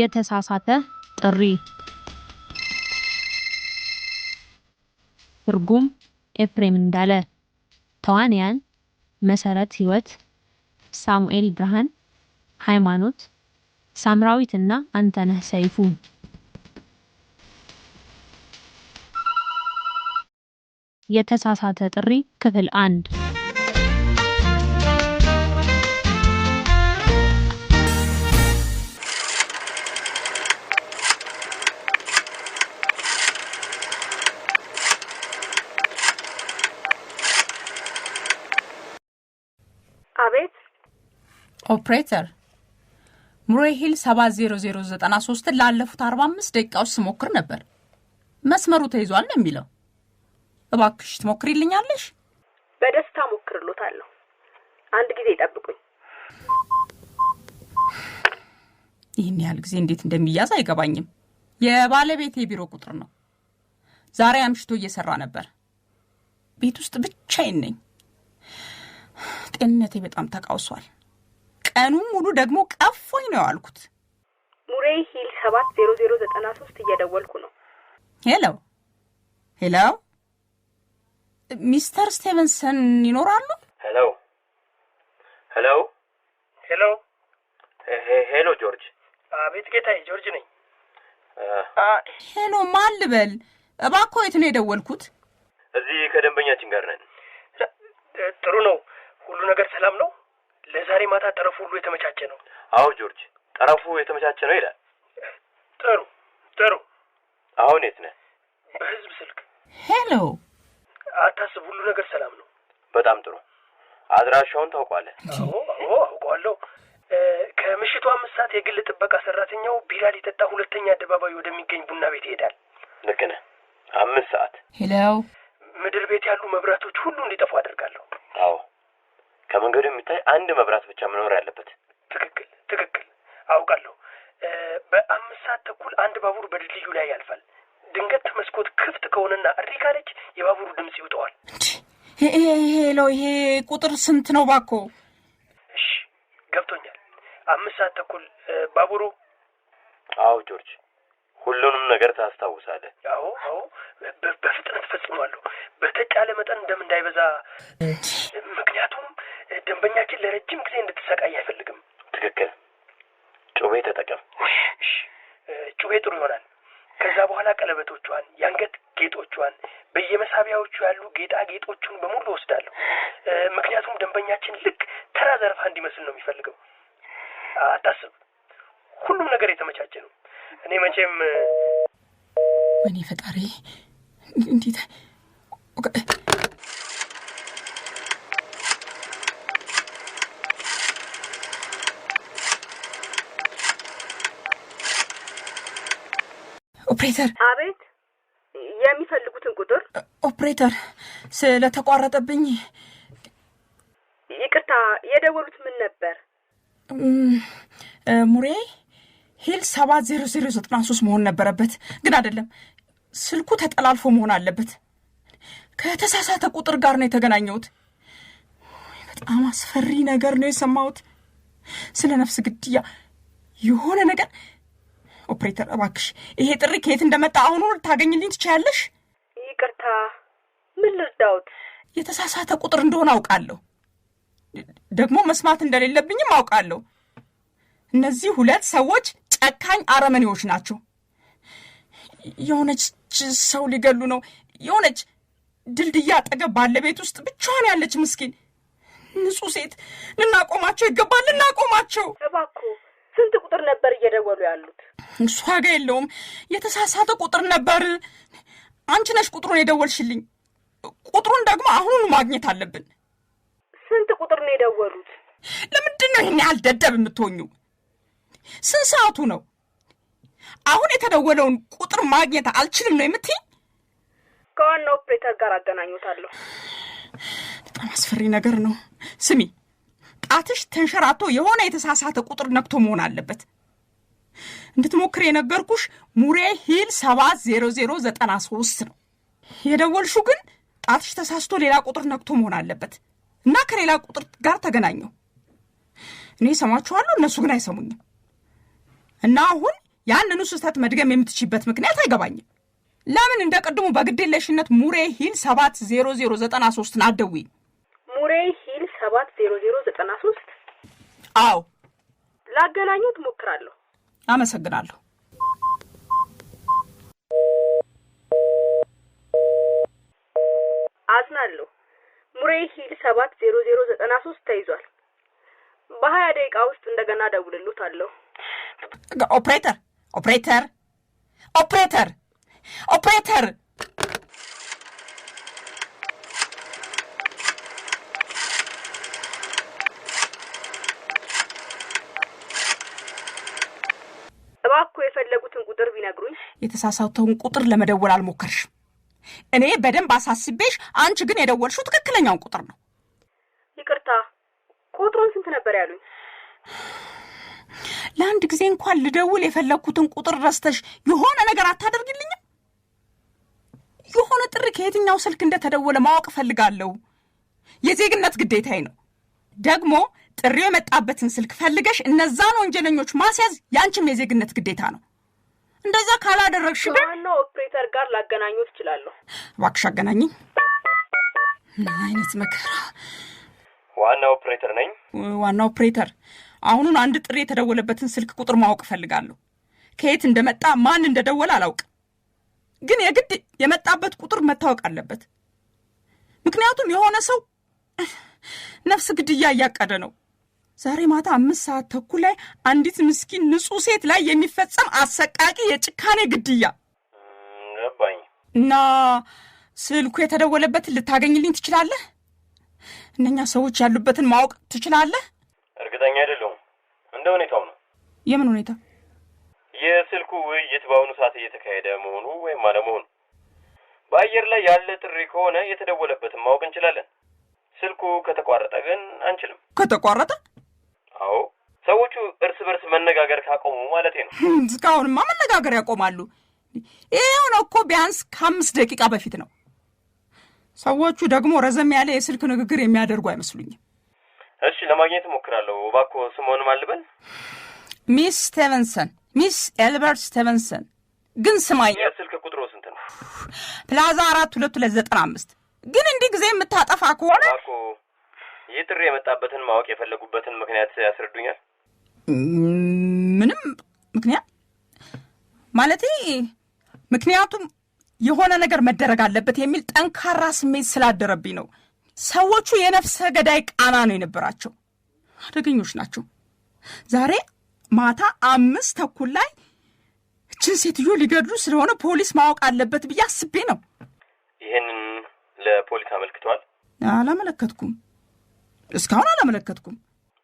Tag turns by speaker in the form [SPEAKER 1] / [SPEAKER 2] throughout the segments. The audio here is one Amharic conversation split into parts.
[SPEAKER 1] የተሳሳተ ጥሪ ትርጉም ኤፍሬም እንዳለ ተዋንያን መሰረት ህይወት ሳሙኤል ብርሃን ሃይማኖት ሳምራዊትና አንተነህ ሰይፉ የተሳሳተ ጥሪ ክፍል አንድ ኦፕሬተር ሙሬ ሂል ን ላለፉት 45 ደቂቃዎች ስሞክር ነበር። መስመሩ ተይዟል ነው የሚለው። እባክሽ ትሞክሪልኛለሽ?
[SPEAKER 2] በደስታ ሞክርሎታለሁ። አንድ ጊዜ ይጠብቁኝ።
[SPEAKER 1] ይህን ያህል ጊዜ እንዴት እንደሚያዝ አይገባኝም። የባለቤቴ ቢሮ ቁጥር ነው። ዛሬ አምሽቶ እየሰራ ነበር። ቤት ውስጥ ብቻዬን ነኝ። ጤንነቴ በጣም ተቃውሷል። ቀኑን ሙሉ ደግሞ ቀፎኝ ነው ያልኩት።
[SPEAKER 2] ሙሬ ሂል ሰባት ዜሮ ዜሮ ዘጠና ሶስት እየደወልኩ ነው።
[SPEAKER 1] ሄሎ ሄሎ፣ ሚስተር ስቴቨንሰን ይኖራሉ?
[SPEAKER 3] ሄሎ ሄሎ ሄሎ ሄሎ፣ ጆርጅ።
[SPEAKER 4] አቤት ጌታዬ፣ ጆርጅ ነኝ።
[SPEAKER 1] ሄሎ፣ ማን ልበል? እባክዎ የት ነው የደወልኩት?
[SPEAKER 3] እዚህ ከደንበኛችን ጋር ነን።
[SPEAKER 4] ጥሩ ነው። ሁሉ ነገር ሰላም ነው? ለዛሬ ማታ ጠረፉ ሁሉ የተመቻቸ ነው።
[SPEAKER 3] አዎ ጆርጅ፣ ጠረፉ የተመቻቸ ነው ይላል።
[SPEAKER 4] ጥሩ ጥሩ። አሁን የት ነህ? በህዝብ ስልክ። ሄሎ፣ አታስብ፣ ሁሉ ነገር ሰላም ነው።
[SPEAKER 3] በጣም ጥሩ። አድራሻውን ታውቋለህ?
[SPEAKER 4] አዎ አውቋለሁ። ከምሽቱ አምስት ሰዓት የግል ጥበቃ ሰራተኛው ቢራ ሊጠጣ ሁለተኛ አደባባይ ወደሚገኝ ቡና ቤት ይሄዳል።
[SPEAKER 3] ልክ ነህ። አምስት ሰዓት።
[SPEAKER 1] ሄሎ፣
[SPEAKER 4] ምድር ቤት ያሉ መብራቶች ሁሉ እንዲጠፉ አደርጋለሁ።
[SPEAKER 3] አዎ ከመንገዱ የሚታይ አንድ መብራት ብቻ መኖር ያለበት።
[SPEAKER 4] ትክክል ትክክል፣ አውቃለሁ። በአምስት ሰዓት ተኩል አንድ ባቡር በድልድዩ ላይ ያልፋል። ድንገት መስኮት ክፍት ከሆነና እሪ ካለች የባቡሩ ድምፅ ይውጠዋል።
[SPEAKER 1] ሄሎ፣ ይሄ ቁጥር ስንት ነው ባኮ?
[SPEAKER 4] እሺ ገብቶኛል። አምስት ሰዓት ተኩል ባቡሩ።
[SPEAKER 3] አዎ ጆርጅ፣ ሁሉንም ነገር ታስታውሳለህ?
[SPEAKER 4] አዎ አዎ፣ በፍጥነት ፈጽሟለሁ። በተጫለ መጠን ደም እንዳይበዛ ምክንያቱም ደንበኛችን ለረጅም ጊዜ እንድትሰቃይ አይፈልግም።
[SPEAKER 3] ትክክል። ጩቤ ተጠቀም።
[SPEAKER 4] ጩቤ ጥሩ ይሆናል። ከዛ በኋላ ቀለበቶቿን፣ የአንገት ጌጦቿን፣ በየመሳቢያዎቹ ያሉ ጌጣጌጦቹን በሙሉ ወስዳለሁ። ምክንያቱም ደንበኛችን ልክ ተራ ዘረፋ እንዲመስል ነው የሚፈልገው። አታስብ፣ ሁሉም ነገር የተመቻቸ ነው። እኔ መቼም
[SPEAKER 1] ወይኔ ፈጣሪ እንዴት ኦፕሬተር።
[SPEAKER 2] አቤት። የሚፈልጉትን ቁጥር
[SPEAKER 1] ኦፕሬተር። ስለተቋረጠብኝ
[SPEAKER 2] ይቅርታ። የደወሉት ምን ነበር?
[SPEAKER 1] ሙሬ ሂል ሰባት ዜሮ ዜሮ ዘጠና ሶስት መሆን ነበረበት፣ ግን አይደለም። ስልኩ ተጠላልፎ መሆን አለበት። ከተሳሳተ ቁጥር ጋር ነው የተገናኘሁት። በጣም አስፈሪ ነገር ነው የሰማሁት። ስለ ነፍስ ግድያ የሆነ ነገር ኦፕሬተር እባክሽ ይሄ ጥሪ ከየት እንደመጣ አሁኑ ታገኝልኝ ትችያለሽ?
[SPEAKER 2] ይቅርታ ምን ልርዳውት?
[SPEAKER 1] የተሳሳተ ቁጥር እንደሆነ አውቃለሁ፣ ደግሞ መስማት እንደሌለብኝም አውቃለሁ። እነዚህ ሁለት ሰዎች ጨካኝ አረመኔዎች ናቸው። የሆነች ሰው ሊገሉ ነው። የሆነች ድልድይ አጠገብ ባለ ቤት ውስጥ ብቻዋን ያለች ምስኪን ንጹህ ሴት። ልናቆማቸው ይገባል፣ ልናቆማቸው
[SPEAKER 2] እባክዎ ስንት ቁጥር ነበር እየደወሉ ያሉት?
[SPEAKER 1] እሱ ዋጋ የለውም። የተሳሳተ ቁጥር ነበር። አንቺ ነሽ ቁጥሩን የደወልሽልኝ። ቁጥሩን ደግሞ አሁኑኑ ማግኘት አለብን።
[SPEAKER 2] ስንት ቁጥር ነው የደወሉት?
[SPEAKER 1] ለምንድን ነው ይህን ያህል ደደብ የምትሆኙ? ስንት ሰዓቱ ነው? አሁን የተደወለውን ቁጥር ማግኘት አልችልም ነው የምትይኝ?
[SPEAKER 2] ከዋና ኦፕሬተር ጋር አገናኙታለሁ።
[SPEAKER 1] በጣም አስፈሪ ነገር ነው። ስሚ ጣትሽ ተንሸራቶ የሆነ የተሳሳተ ቁጥር ነክቶ መሆን አለበት። እንድትሞክር የነገርኩሽ ሙሬ ሂል 7093 ነው። የደወልሹ ግን ጣትሽ ተሳስቶ ሌላ ቁጥር ነክቶ መሆን አለበት እና ከሌላ ቁጥር ጋር ተገናኘው። እኔ እሰማችኋለሁ፣ እነሱ ግን አይሰሙኝም። እና አሁን ያንኑ ስህተት መድገም የምትችይበት ምክንያት አይገባኝም። ለምን እንደ ቅድሙ በግዴለሽነት ሙሬ ሂል 7093 ዜሮ
[SPEAKER 2] ሙሬ ሰባት ዜሮ ዜሮ ዘጠና ሶስት አዎ ላገናኙት ትሞክራለሁ
[SPEAKER 1] አመሰግናለሁ።
[SPEAKER 2] አዝናለሁ። ሙሬ ሂል ሰባት ዜሮ ዜሮ ዘጠና ሶስት ተይዟል። በሀያ ደቂቃ ውስጥ እንደገና ደውልሉት አለሁ።
[SPEAKER 1] ኦፕሬተር ኦፕሬተር ኦፕሬተር ኦፕሬተር
[SPEAKER 2] እኮ የፈለጉትን ቁጥር ቢነግሩኝ
[SPEAKER 1] የተሳሳተውን ቁጥር ለመደወል አልሞከርሽም። እኔ በደንብ አሳስቤሽ፣ አንቺ ግን የደወልሽው ትክክለኛውን ቁጥር ነው።
[SPEAKER 2] ይቅርታ፣ ቁጥሩን ስንት ነበር ያሉኝ?
[SPEAKER 1] ለአንድ ጊዜ እንኳን ልደውል የፈለግኩትን ቁጥር ረስተሽ የሆነ ነገር አታደርግልኝም? የሆነ ጥሪ ከየትኛው ስልክ እንደተደወለ ማወቅ እፈልጋለሁ። የዜግነት ግዴታዬ ነው። ደግሞ ጥሪው የመጣበትን ስልክ ፈልገሽ እነዛን ወንጀለኞች ማስያዝ ያንቺም የዜግነት ግዴታ ነው። እንደዛ ካላደረግሽ
[SPEAKER 2] ዋናው ኦፕሬተር ጋር ላገናኙ ትችላለሁ።
[SPEAKER 1] እባክሽ አገናኝኝ። ምን አይነት መከራ!
[SPEAKER 3] ዋና ኦፕሬተር ነኝ።
[SPEAKER 1] ዋና ኦፕሬተር፣ አሁኑን አንድ ጥሪ የተደወለበትን ስልክ ቁጥር ማወቅ እፈልጋለሁ። ከየት እንደመጣ ማን እንደደወለ አላውቅም፣ ግን የግድ የመጣበት ቁጥር መታወቅ አለበት። ምክንያቱም የሆነ ሰው ነፍስ ግድያ እያቀደ ነው። ዛሬ ማታ አምስት ሰዓት ተኩል ላይ አንዲት ምስኪን ንጹህ ሴት ላይ የሚፈጸም አሰቃቂ የጭካኔ ግድያ ገባኝ እና ስልኩ የተደወለበትን ልታገኝልኝ ትችላለህ? እነኛ ሰዎች ያሉበትን ማወቅ ትችላለህ?
[SPEAKER 3] እርግጠኛ አይደለሁም። እንደ ሁኔታው ነው። የምን ሁኔታ? የስልኩ ውይይት በአሁኑ ሰዓት እየተካሄደ መሆኑ ወይም አለመሆኑ። በአየር ላይ ያለ ጥሪ ከሆነ የተደወለበትን ማወቅ እንችላለን። ስልኩ ከተቋረጠ ግን አንችልም። ከተቋረጠ አዎ ሰዎቹ እርስ በርስ መነጋገር ካቆሙ ማለት ነው።
[SPEAKER 1] እስካሁንማ መነጋገር ያቆማሉ። ይህ ነው እኮ ቢያንስ ከአምስት ደቂቃ በፊት ነው። ሰዎቹ ደግሞ ረዘም ያለ የስልክ ንግግር የሚያደርጉ አይመስሉኝም።
[SPEAKER 3] እሺ ለማግኘት እሞክራለሁ። እባክዎ ስምዎን ማን ልበል?
[SPEAKER 1] ሚስ ስቴቨንሰን፣ ሚስ ኤልበርት ስቴቨንሰን። ግን ስማኝ፣
[SPEAKER 3] የስልክ ቁጥሮ ስንት ነው?
[SPEAKER 1] ፕላዛ አራት ሁለት ሁለት ዘጠና አምስት። ግን እንዲህ ጊዜ የምታጠፋ ከሆነ
[SPEAKER 3] ይህ ጥሪ የመጣበትን ማወቅ የፈለጉበትን ምክንያት ያስረዱኛል?
[SPEAKER 1] ምንም ምክንያት ማለት ምክንያቱም የሆነ ነገር መደረግ አለበት የሚል ጠንካራ ስሜት ስላደረብኝ ነው። ሰዎቹ የነፍሰ ገዳይ ቃና ነው የነበራቸው። አደገኞች ናቸው። ዛሬ ማታ አምስት ተኩል ላይ እችን ሴትዮ ሊገድሉ ስለሆነ ፖሊስ ማወቅ አለበት ብዬ አስቤ ነው።
[SPEAKER 3] ይህንን ለፖሊስ አመልክተዋል?
[SPEAKER 1] አላመለከትኩም። እስካሁን አላመለከትኩም።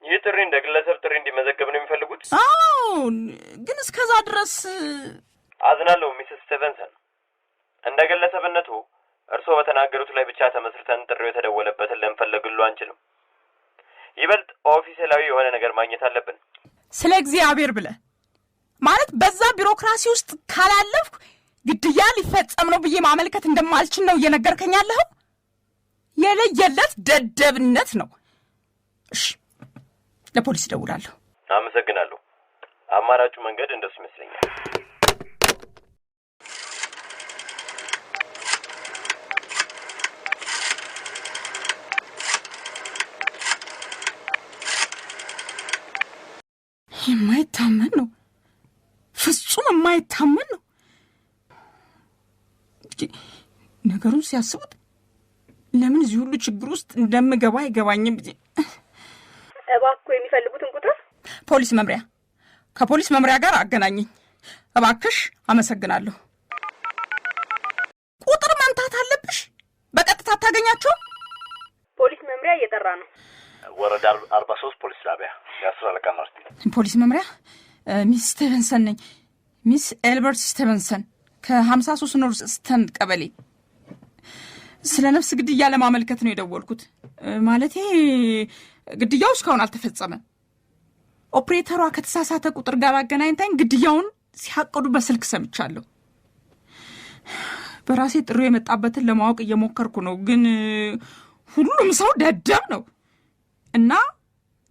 [SPEAKER 3] ይህ ጥሪ እንደ ግለሰብ ጥሪ እንዲመዘገብ ነው የሚፈልጉት?
[SPEAKER 1] አዎን፣ ግን እስከዛ ድረስ
[SPEAKER 3] አዝናለሁ ሚስስ ስቴቨንሰን። እንደ ግለሰብነቱ እርስዎ በተናገሩት ላይ ብቻ ተመስርተን ጥሪው የተደወለበትን ልንፈለግሉ አንችልም። ይበልጥ ኦፊሴላዊ የሆነ ነገር ማግኘት አለብን።
[SPEAKER 1] ስለ እግዚአብሔር ብለ ማለት በዛ ቢሮክራሲ ውስጥ ካላለፍኩ ግድያ ሊፈጸም ነው ብዬ ማመልከት እንደማልችል ነው እየነገርከኝ ያለኸው። የለየለት ደደብነት ነው። እሺ፣ ለፖሊስ እደውላለሁ።
[SPEAKER 3] አመሰግናለሁ። አማራጩ መንገድ እንደሱ ይመስለኛል።
[SPEAKER 1] የማይታመን ነው፣ ፍጹም የማይታመን ነው። ነገሩን ሲያስቡት ለምን እዚህ ሁሉ ችግር ውስጥ እንደምገባ አይገባኝም።
[SPEAKER 2] የሚፈልጉትን ቁጥር
[SPEAKER 1] ፖሊስ መምሪያ ከፖሊስ መምሪያ ጋር አገናኘኝ እባክሽ። አመሰግናለሁ። ቁጥር መምታት አለብሽ። በቀጥታ አታገኛቸው
[SPEAKER 2] ፖሊስ መምሪያ እየጠራ ነው።
[SPEAKER 3] ወረዳ አርባ ሶስት ፖሊስ ጣቢያ የአስር አለቃ ማርቲን
[SPEAKER 1] ፖሊስ መምሪያ። ሚስ ስቴቨንሰን ነኝ። ሚስ ኤልበርት ስቴቨንሰን ከሀምሳ ሶስት ኖር ስተን ቀበሌ ስለ ነፍስ ግድያ ለማመልከት ነው የደወልኩት። ማለቴ ግድያው እስካሁን አልተፈጸመም። ኦፕሬተሯ ከተሳሳተ ቁጥር ጋር አገናኝታኝ ግድያውን ሲያቅዱ በስልክ ሰምቻለሁ። በራሴ ጥሪ የመጣበትን ለማወቅ እየሞከርኩ ነው፣ ግን ሁሉም ሰው ደደብ ነው እና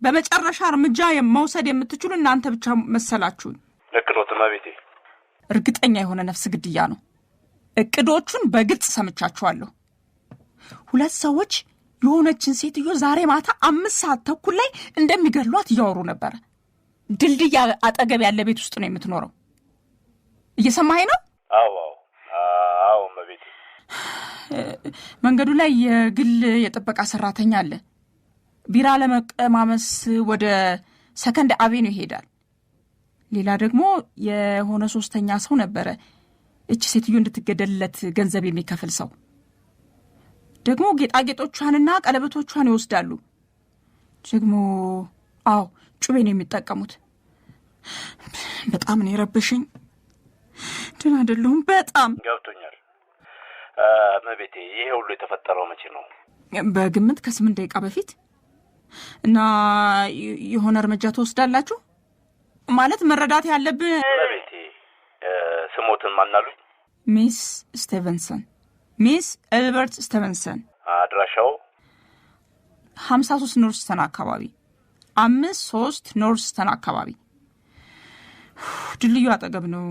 [SPEAKER 1] በመጨረሻ እርምጃ መውሰድ የምትችሉ እናንተ ብቻ መሰላችሁኝ።
[SPEAKER 3] እቅዶትማ ቤቴ
[SPEAKER 1] እርግጠኛ የሆነ ነፍስ ግድያ ነው። እቅዶቹን በግልጽ ሰምቻችኋለሁ። ሁለት ሰዎች የሆነችን ሴትዮ ዛሬ ማታ አምስት ሰዓት ተኩል ላይ እንደሚገድሏት እያወሩ ነበረ። ድልድይ አጠገብ ያለ ቤት ውስጥ ነው የምትኖረው። እየሰማኸኝ ነው?
[SPEAKER 3] አዎ አዎ።
[SPEAKER 1] መንገዱ ላይ የግል የጥበቃ ሰራተኛ አለ። ቢራ ለመቀማመስ ወደ ሰከንድ አቬኑ ይሄዳል። ሌላ ደግሞ የሆነ ሶስተኛ ሰው ነበረ፣ እች ሴትዮ እንድትገደልለት ገንዘብ የሚከፍል ሰው ደግሞ ጌጣጌጦቿንና ቀለበቶቿን ይወስዳሉ። ደግሞ አዎ ጩቤ ነው የሚጠቀሙት። በጣም ነው የረበሸኝ። ድን አይደለሁም። በጣም
[SPEAKER 3] ገብቶኛል። መቤቴ ይሄ ሁሉ የተፈጠረው መቼ ነው?
[SPEAKER 1] በግምት ከስምንት ደቂቃ በፊት እና የሆነ እርምጃ ትወስዳላችሁ ማለት መረዳት ያለብን
[SPEAKER 3] መቤቴ ስሞትን ማናሉ?
[SPEAKER 1] ሚስ ስቴቨንሰን ሚስ ኤልበርት ስተቨንሰን አድራሻው 53 ኖርስተን አካባቢ አምስት ሶስት ኖርስተን አካባቢ ድልድዩ አጠገብ ነው።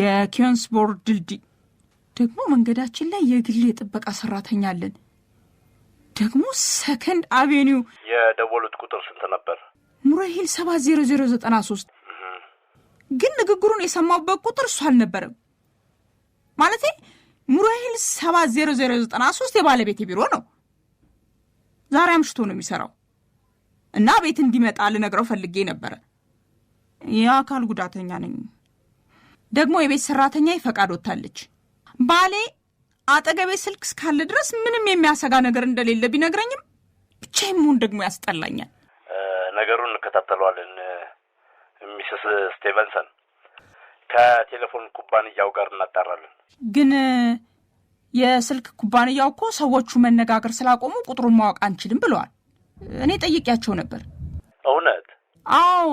[SPEAKER 1] የኪዮንስቦርድ ድልድይ ደግሞ መንገዳችን ላይ የግል የጥበቃ ሰራተኛ አለን። ደግሞ ሰከንድ አቬኒው
[SPEAKER 3] የደወሉት ቁጥር ስንት ነበር?
[SPEAKER 1] ሙረሂል 70093 ግን ንግግሩን የሰማሁበት ቁጥር እሱ አልነበረም ማለቴ ሙራይል 70093 የባለቤት ቢሮ ነው። ዛሬ አምሽቶ ነው የሚሰራው እና ቤት እንዲመጣ ልነግረው ፈልጌ ነበረ። የአካል ጉዳተኛ ነኝ፣ ደግሞ የቤት ሰራተኛ ፈቃድ ወጥታለች። ባሌ አጠገቤ ስልክ እስካለ ድረስ ምንም የሚያሰጋ ነገር እንደሌለ ቢነግረኝም ብቻ መሆን ደግሞ ያስጠላኛል።
[SPEAKER 3] ነገሩን እንከታተለዋለን ሚስስ ስቴቨንሰን ከቴሌፎን ኩባንያው ጋር እናጣራለን።
[SPEAKER 1] ግን የስልክ ኩባንያው እኮ ሰዎቹ መነጋገር ስላቆሙ ቁጥሩን ማወቅ አንችልም ብለዋል። እኔ ጠይቄያቸው ነበር። እውነት? አዎ።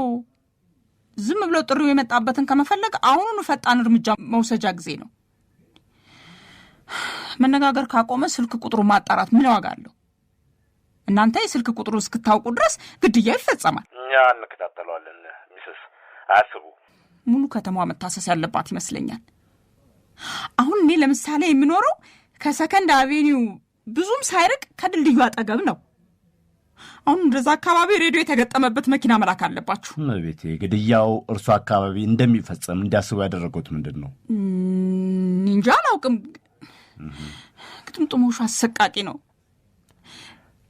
[SPEAKER 1] ዝም ብሎ ጥሪው የመጣበትን ከመፈለግ አሁኑን ፈጣን እርምጃ መውሰጃ ጊዜ ነው። መነጋገር ካቆመ ስልክ ቁጥሩ ማጣራት ምን ዋጋ አለው? እናንተ የስልክ ቁጥሩ እስክታውቁ ድረስ ግድያው ይፈጸማል።
[SPEAKER 3] እኛ እንከታተለዋለን። ሚስስ አያስቡ።
[SPEAKER 1] ሙሉ ከተማዋ መታሰስ ያለባት ይመስለኛል። አሁን እኔ ለምሳሌ የምኖረው ከሰከንድ አቬኒው ብዙም ሳይርቅ ከድልድዩ አጠገብ ነው። አሁን እንደዛ አካባቢ ሬዲዮ የተገጠመበት መኪና መላክ አለባችሁ።
[SPEAKER 3] ቤቴ ግድያው እርሱ አካባቢ እንደሚፈጸም እንዲያስቡ ያደረጉት ምንድን ነው?
[SPEAKER 1] እንጃ አላውቅም። ግጥምጥሞሹ አሰቃቂ ነው።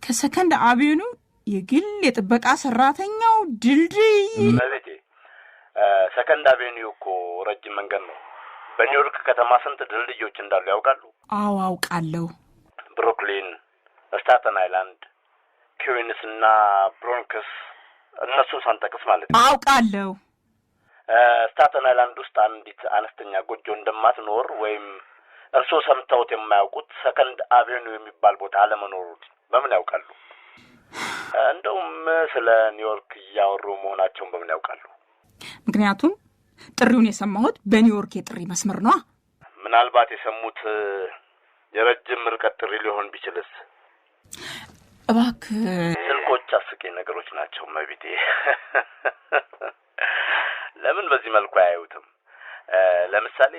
[SPEAKER 1] ከሰከንድ አቬኑ የግል የጥበቃ ሰራተኛው ድልድይ።
[SPEAKER 3] ሰከንድ አቬኒው እኮ ረጅም መንገድ ነው። በኒውዮርክ ከተማ ስንት ድልድዮች እንዳሉ ያውቃሉ?
[SPEAKER 1] አዎ አውቃለሁ።
[SPEAKER 3] ብሩክሊን፣ ስታተን አይላንድ፣ ኪዊንስ እና ብሮንክስ እነሱን ሳንጠቅስ ማለት
[SPEAKER 1] ነው። አውቃለሁ።
[SPEAKER 3] ስታተን አይላንድ ውስጥ አንዲት አነስተኛ ጎጆ እንደማትኖር ወይም እርስዎ ሰምተውት የማያውቁት ሰከንድ አቬኒው የሚባል ቦታ አለመኖሩ በምን ያውቃሉ? እንደውም ስለ ኒውዮርክ እያወሩ መሆናቸውን በምን ያውቃሉ?
[SPEAKER 1] ምክንያቱም ጥሪውን የሰማሁት በኒውዮርክ የጥሪ መስመር ነዋ።
[SPEAKER 3] ምናልባት የሰሙት የረጅም ርቀት ጥሪ ሊሆን ቢችልስ? እባክ ስልኮች አስቂኝ ነገሮች ናቸው መቢቴ። ለምን በዚህ መልኩ አያዩትም? ለምሳሌ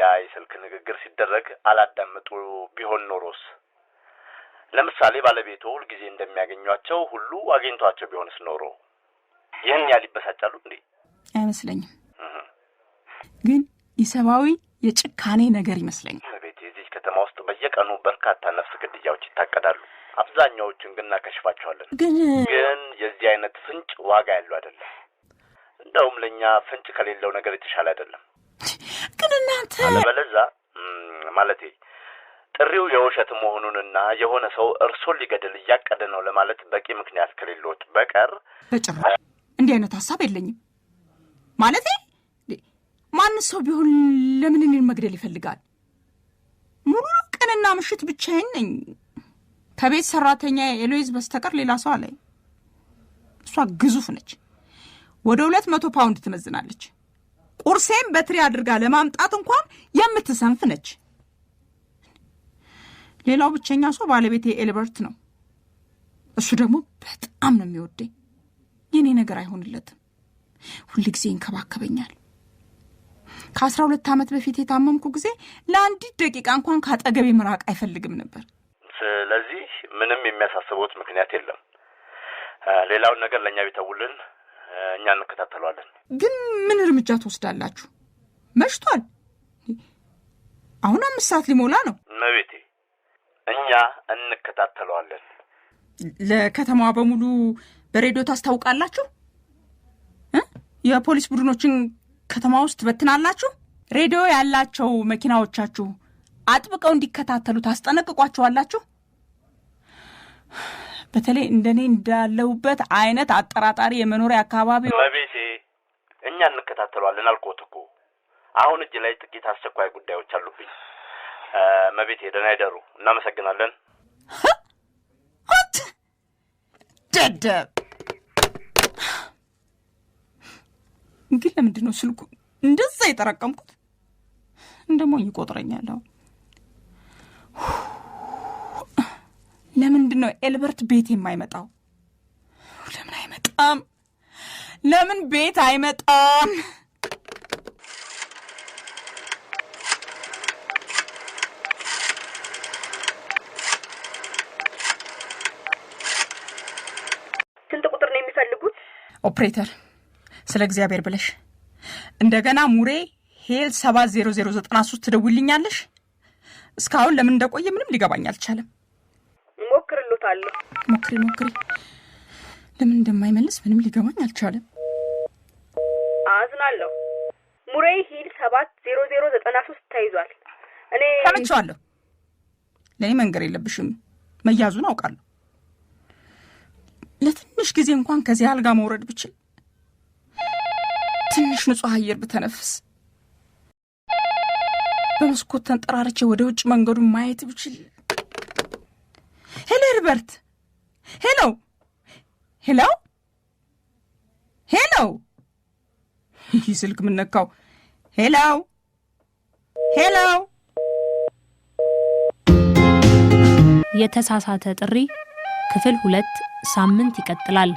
[SPEAKER 3] ያ የስልክ ንግግር ሲደረግ አላዳመጡ ቢሆን ኖሮስ? ለምሳሌ ባለቤቱ ሁልጊዜ እንደሚያገኟቸው ሁሉ አግኝቷቸው ቢሆንስ ኖሮ ይህን ያህል ይበሳጫሉ እንዴ?
[SPEAKER 1] አይመስለኝም። ግን ኢሰብአዊ የጭካኔ ነገር ይመስለኛል።
[SPEAKER 3] ቤት የዚች ከተማ ውስጥ በየቀኑ በርካታ ነፍስ ግድያዎች ይታቀዳሉ። አብዛኛዎቹን ግን እናከሽፋቸዋለን። ግን ግን የዚህ አይነት ፍንጭ ዋጋ ያለው አይደለም። እንደውም ለእኛ ፍንጭ ከሌለው ነገር የተሻለ አይደለም። ግን እናንተ አለበለዛ ማለቴ ጥሪው የውሸት መሆኑንና የሆነ ሰው እርሶን ሊገድል እያቀደ ነው ለማለት በቂ ምክንያት ከሌሎት በቀር
[SPEAKER 1] በጭራሽ እንዲህ አይነት ሀሳብ የለኝም። ማለት ማን ሰው ቢሆን ለምን እኔን መግደል ይፈልጋል? ሙሉ ቀንና ምሽት ብቻዬን ነኝ። ከቤት ሰራተኛ ኤሎይዝ በስተቀር ሌላ ሰው አላይ። እሷ ግዙፍ ነች። ወደ ሁለት መቶ ፓውንድ ትመዝናለች። ቁርሴም በትሪ አድርጋ ለማምጣት እንኳን የምትሰንፍ ነች። ሌላው ብቸኛ ሰው ባለቤት የኤልበርት ነው። እሱ ደግሞ በጣም ነው የሚወደኝ። የኔ ነገር አይሆንለትም። ሁልጊዜ ይንከባከበኛል። ከአስራ ሁለት ዓመት በፊት የታመምኩ ጊዜ ለአንዲት ደቂቃ እንኳን ከአጠገቤ ምራቅ አይፈልግም ነበር።
[SPEAKER 3] ስለዚህ ምንም የሚያሳስበት ምክንያት የለም። ሌላውን ነገር ለእኛ ቢተውልን እኛ እንከታተለዋለን።
[SPEAKER 1] ግን ምን እርምጃ ትወስዳላችሁ? መሽቷል። አሁን አምስት ሰዓት ሊሞላ ነው።
[SPEAKER 3] መቤቴ እኛ እንከታተለዋለን።
[SPEAKER 1] ለከተማዋ በሙሉ በሬዲዮ ታስታውቃላችሁ? የፖሊስ ቡድኖችን ከተማ ውስጥ በትናላችሁ። ሬዲዮ ያላቸው መኪናዎቻችሁ አጥብቀው እንዲከታተሉ ታስጠነቅቋቸዋላችሁ። በተለይ እንደኔ እንዳለሁበት አይነት አጠራጣሪ የመኖሪያ አካባቢ
[SPEAKER 3] መቤቴ፣ እኛ እንከታተሏለን። አልኮት እኮ አሁን እጅ ላይ ጥቂት አስቸኳይ ጉዳዮች አሉብኝ። መቤቴ፣ ደህና ይደሩ። እናመሰግናለን።
[SPEAKER 1] ደደብ ግን ለምንድን ነው ስልኩ እንደዛ የጠረቀምኩት? እንደ ሞኝ ይቆጥረኛል። ለምንድን ነው ኤልበርት ቤት የማይመጣው? ለምን አይመጣም? ለምን ቤት አይመጣም?
[SPEAKER 2] ስንት ቁጥር ነው የሚፈልጉት
[SPEAKER 1] ኦፕሬተር? ስለ እግዚአብሔር ብለሽ እንደገና ሙሬ ሄል 7093 ትደውልኛለሽ። እስካሁን ለምን እንደቆየ ምንም ሊገባኝ አልቻለም።
[SPEAKER 2] ሞክርሎታለሁ።
[SPEAKER 1] ሞክሪ ሞክሪ። ለምን እንደማይመልስ ምንም ሊገባኝ አልቻለም።
[SPEAKER 2] አዝናለሁ። ሙሬ ሂል 7093 ተይዟል። እኔ
[SPEAKER 1] ሰምቼዋለሁ። ለእኔ መንገር የለብሽም መያዙን አውቃለሁ። ለትንሽ ጊዜ እንኳን ከዚህ አልጋ መውረድ ብችል ትንሽ ንጹሕ አየር ብተነፍስ፣ በመስኮት ተንጠራርቼ ወደ ውጭ መንገዱን ማየት ብችል። ሄሎ ርበርት ሄሎ፣ ሄሎ፣ ሄሎ። ይህ ስልክ የምነካው ነካው? ሄሎ፣ ሄሎ። የተሳሳተ ጥሪ ክፍል ሁለት ሳምንት ይቀጥላል።